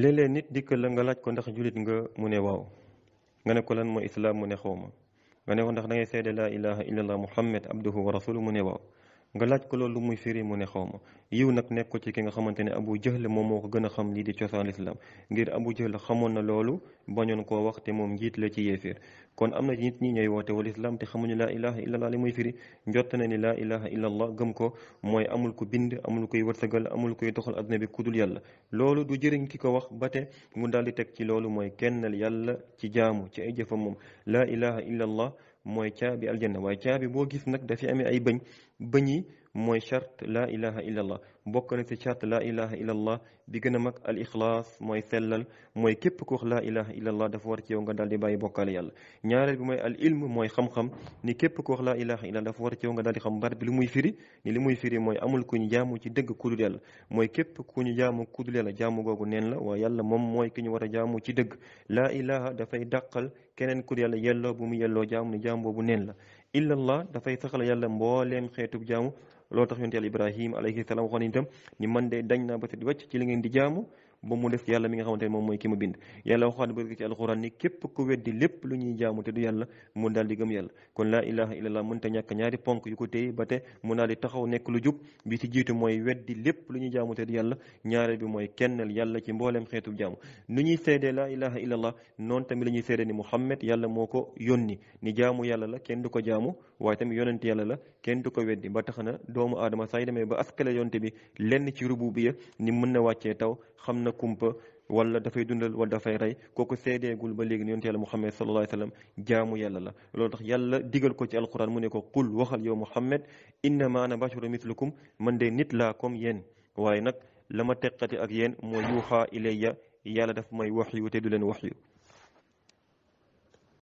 léeg-léeg nit dikk la nga laaj ko ndax jullit nga mu ne waaw nga ne ko lan mooy islaam mu ne xaw ma nga ne ko ndax da ngay seede laa ilaha illallah muhammad abduhu wa rasulu mu ne waaw nga laaj ko loolu muy firi mu ne xaw ma yiw nag nekk ko ci ki nga xamante ne abu jahl moom moo ko gën a xam lii di cosaan islam ngir abu jahl xamoon na loolu bañoon koo wax te moom njiit la ci yéeféer kon am na nit ñi ñooy woote wal islam te xamuñu laa ilaha illallah li muy firi njott na ni laa ilaha illallah gëm ko mooy amul ko bind amul koy wërsëgal amul koy doxal adduna bi kudul yàlla loolu du jëriñ ki ko wax ba te mu daldi teg ci loolu mooy kennal yàlla ci jaamu ci ay jëfam moom laa ilaha illallah mooy caabi aljanna waaye caabi boo gis nag dafi amee ay bëñ bëñ yi mooy charte laa ilaha illa allah bokk na ci charte laa ilaha illa allah bi gën a mag al ixlaas mooy sellal mooy képp ku wax laa ilaha illa allah dafa war ci yow nga daal di bàyyi bokkaale yàlla ñaareel bi mooy al ilm mooy xam-xam ni képp ku wax dafa war ci yow nga daal di xam baat bi li muy firi ni muy firi mooy amul ku ñu jaamu ci dëgg kudul yàlla mooy képp ku ñu jaamu kudul yàlla jaamu googu neen la waaye yàlla moom mooy ki ñu war a jaamu ci dëgg laa ilaha dafay dàqal keneen ku kudul yàlla yelloo bu mu yelloo jaamu ni jaam boobu neen la illallah dafay saxal yàlla mbooleem xeetub jaamu loolu tax yonte yàlla ibrahim alayhi salaam waxoon itam ni man de dañ naa ba set wàcc ci li ngeen di jaamu ba mu def ci yàlla mi nga xamante ne moom mooy ki ma bind yàlla waxaat ba ci alxuraan ni képp ku weddi lépp lu ñuy jaamu te du yàlla mu daal di gëm yàlla kon laa ilaha illallah mën ta ñàkk ñaari ponk yu ko téye ba te mu daal di mooy weddi ñuy jaamu te du yàlla ñaareel bi mooy kennal yàlla ci mbooleem xeetu jaamu nu ñuy seedee laa ilaha illallah noonu tamit la ñuy seedee ni muhammad yàlla moo ko yónni ni jaamu yàlla la kenn du ko jaamu waaye tamit yonent yàlla la kenn du ko weddi ba tax na doomu aadama saa yi demee ba askale yonte bi lenn ci rubu bi ni mën na na kumpa wala dafay dundal wa dafay rey kooku seedeegul ba léegi ne yonte yàlla muhammad sallallahu alayhi wasallam jaamu yàlla la loolu tax yàlla digal ko ci alquran mu ne ko qul waxal yow muhammad innama ana basharu mislukum man de nit la comme yéen waaye nag la ma teqati ak yéen mooy yuuxaa ilayya yàlla daf may wax yu te du leen wax yu